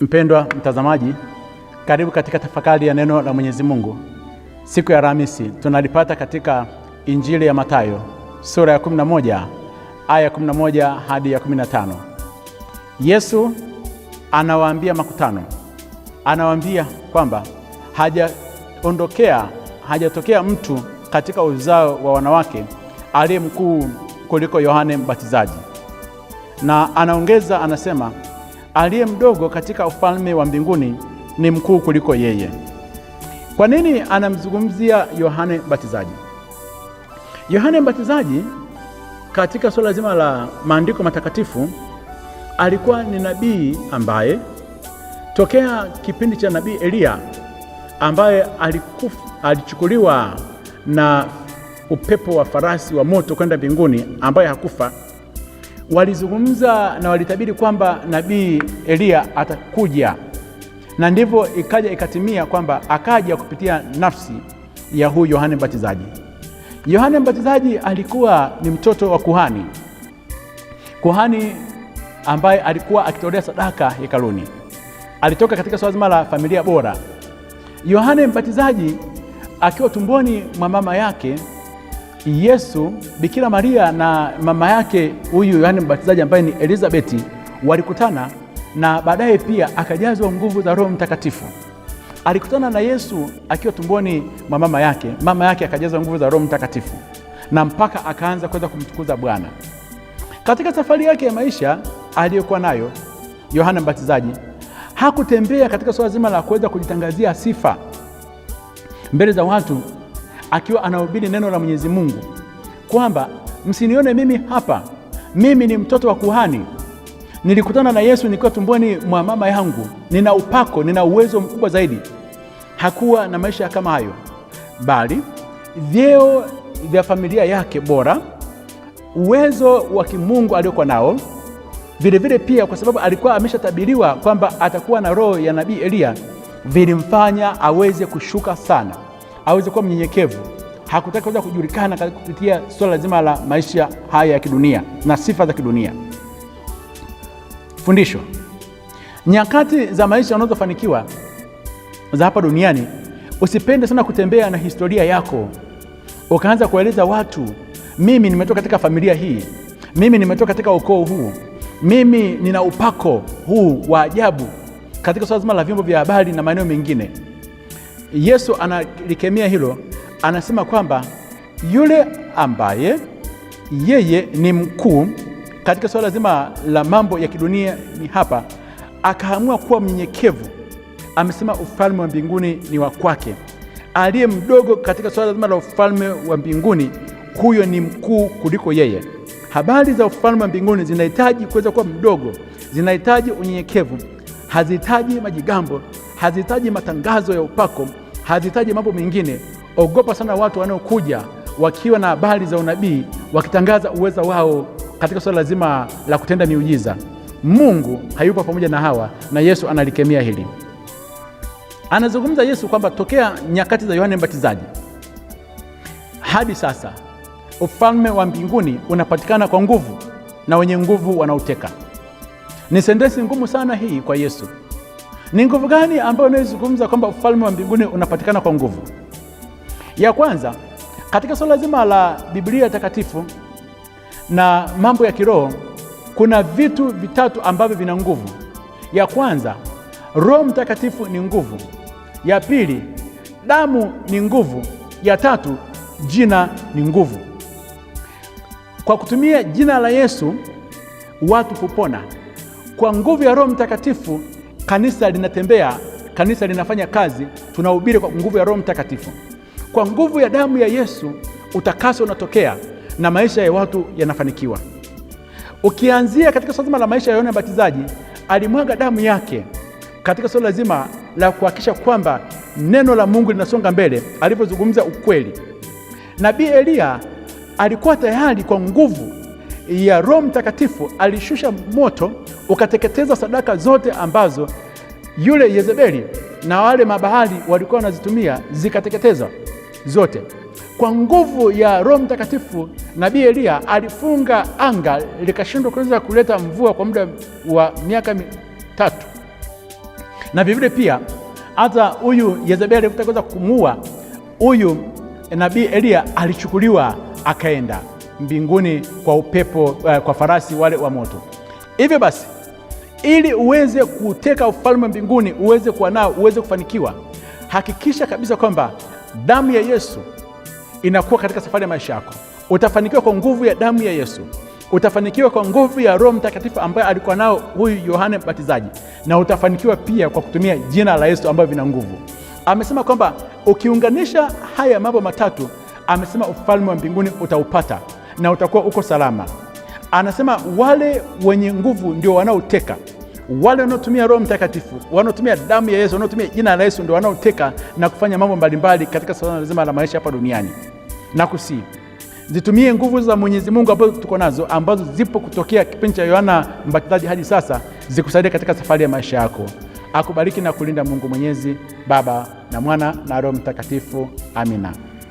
Mpendwa mtazamaji, karibu katika tafakari ya neno la Mwenyezi Mungu siku ya Alhamisi. Tunalipata katika Injili ya Mathayo sura ya 11 aya 11 hadi ya 15. Yesu anawaambia makutano, anawaambia kwamba hajaondokea hajatokea mtu katika uzao wa wanawake aliye mkuu kuliko Yohane Mbatizaji, na anaongeza anasema aliye mdogo katika ufalme wa mbinguni ni mkuu kuliko yeye. Kwa nini anamzungumzia Yohane Mbatizaji? Yohane Mbatizaji katika suala zima la maandiko matakatifu alikuwa ni nabii ambaye tokea kipindi cha nabii Eliya ambaye alikufa, alichukuliwa na upepo wa farasi wa moto kwenda mbinguni ambaye hakufa walizungumza na walitabiri kwamba nabii Eliya atakuja, na ndivyo ikaja ikatimia kwamba akaja kupitia nafsi ya huyu Yohane Mbatizaji. Yohane Mbatizaji alikuwa ni mtoto wa kuhani, kuhani ambaye alikuwa akitolea sadaka hekaluni. Alitoka katika swala zima la familia bora. Yohane Mbatizaji akiwa tumboni mwa mama yake Yesu, Bikira Maria na mama yake huyu yohani Mbatizaji ambaye ni Elizabeti walikutana, na baadaye pia akajazwa nguvu za Roho Mtakatifu. Alikutana na Yesu akiwa tumboni mwa mama yake, mama yake akajazwa nguvu za Roho Mtakatifu na mpaka akaanza kuweza kumtukuza Bwana. Katika safari yake ya maisha aliyokuwa nayo, Yohana Mbatizaji hakutembea katika suala zima la kuweza kujitangazia sifa mbele za watu akiwa anahubiri neno la Mwenyezi Mungu kwamba msinione mimi hapa, mimi ni mtoto wa kuhani, nilikutana na Yesu nikiwa tumboni mwa mama yangu, nina upako, nina uwezo mkubwa zaidi. Hakuwa na maisha kama hayo, bali vyeo vya familia yake bora, uwezo wa kimungu aliyokuwa nao vilevile vile, pia kwa sababu alikuwa ameshatabiriwa kwamba atakuwa na roho ya nabii Eliya, vilimfanya aweze kushuka sana aweze kuwa mnyenyekevu. Hakutaki kuweza kujulikana kupitia swala zima la maisha haya ya kidunia na sifa za kidunia. Fundisho: nyakati za maisha unazofanikiwa za hapa duniani, usipende sana kutembea na historia yako ukaanza kueleza watu, mimi nimetoka katika familia hii, mimi nimetoka katika ukoo huu, mimi nina upako huu wa ajabu, katika swala zima la vyombo vya habari na maeneo mengine. Yesu analikemea hilo, anasema kwamba yule ambaye yeye ni mkuu katika swala zima la mambo ya kidunia ni hapa, akaamua kuwa mnyenyekevu, amesema ufalme wa mbinguni ni wa kwake. Aliye mdogo katika swala zima la ufalme wa mbinguni, huyo ni mkuu kuliko yeye. Habari za ufalme wa mbinguni zinahitaji kuweza kuwa mdogo, zinahitaji unyenyekevu, hazihitaji majigambo, hazihitaji matangazo ya upako hazihitaji mambo mengine. Ogopa sana watu wanaokuja wakiwa na habari za unabii, wakitangaza uweza wao katika suala zima la kutenda miujiza. Mungu hayupo pamoja na hawa, na Yesu analikemea hili. Anazungumza Yesu kwamba tokea nyakati za Yohane Mbatizaji hadi sasa ufalme wa mbinguni unapatikana kwa nguvu na wenye nguvu wanauteka. Ni sentensi ngumu sana hii kwa Yesu. Ni nguvu gani ambayo inayozungumza kwamba ufalme wa mbinguni unapatikana kwa nguvu? Ya kwanza katika swala zima la Biblia takatifu na mambo ya kiroho, kuna vitu vitatu ambavyo vina nguvu. Ya kwanza, Roho Mtakatifu ni nguvu. Ya pili, damu ni nguvu. Ya tatu, jina ni nguvu. Kwa kutumia jina la Yesu watu hupona. Kwa nguvu ya Roho Mtakatifu Kanisa linatembea, kanisa linafanya kazi, tunahubiri kwa nguvu ya Roho Mtakatifu, kwa nguvu ya damu ya Yesu. Utakaso unatokea na maisha ya watu yanafanikiwa. Ukianzia katika swala zima la maisha ya Yohana Mbatizaji, alimwaga damu yake katika swala zima la kuhakikisha kwamba neno la Mungu linasonga mbele, alivyozungumza ukweli. Nabii Eliya alikuwa tayari kwa nguvu ya Roho Mtakatifu alishusha moto ukateketeza sadaka zote ambazo yule Yezebeli na wale mabahali walikuwa wanazitumia zikateketezwa zote. Kwa nguvu ya Roho Mtakatifu, nabii Eliya alifunga anga likashindwa kuweza kuleta mvua kwa muda wa miaka mitatu, na vivile pia hata huyu Yezebeli alipotaka kuweza kumuua huyu nabii Eliya alichukuliwa akaenda mbinguni kwa upepo uh, kwa farasi wale wa moto. Hivyo basi, ili uweze kuteka ufalme wa mbinguni, uweze kuwa nao, uweze kufanikiwa, hakikisha kabisa kwamba damu ya Yesu inakuwa katika safari ya maisha yako. Utafanikiwa kwa nguvu ya damu ya Yesu, utafanikiwa kwa nguvu ya Roho Mtakatifu ambaye alikuwa nao huyu Yohane Mbatizaji, na utafanikiwa pia kwa kutumia jina la Yesu ambayo vina nguvu. Amesema kwamba ukiunganisha haya mambo matatu, amesema ufalme wa mbinguni utaupata na utakuwa uko salama. Anasema wale wenye nguvu ndio wanaoteka, wale wanaotumia Roho Mtakatifu, wanaotumia damu ya Yesu, wanaotumia jina la Yesu ndio wanaoteka na kufanya mambo mbalimbali katika suala lazima la maisha hapa duniani. Nakusii zitumie nguvu za Mwenyezi Mungu ambazo tuko nazo, ambazo zipo kutokea kipindi cha Yohana Mbatizaji hadi sasa, zikusaidia katika safari ya maisha yako. Akubariki na kulinda Mungu Mwenyezi, Baba na Mwana na Roho Mtakatifu. Amina.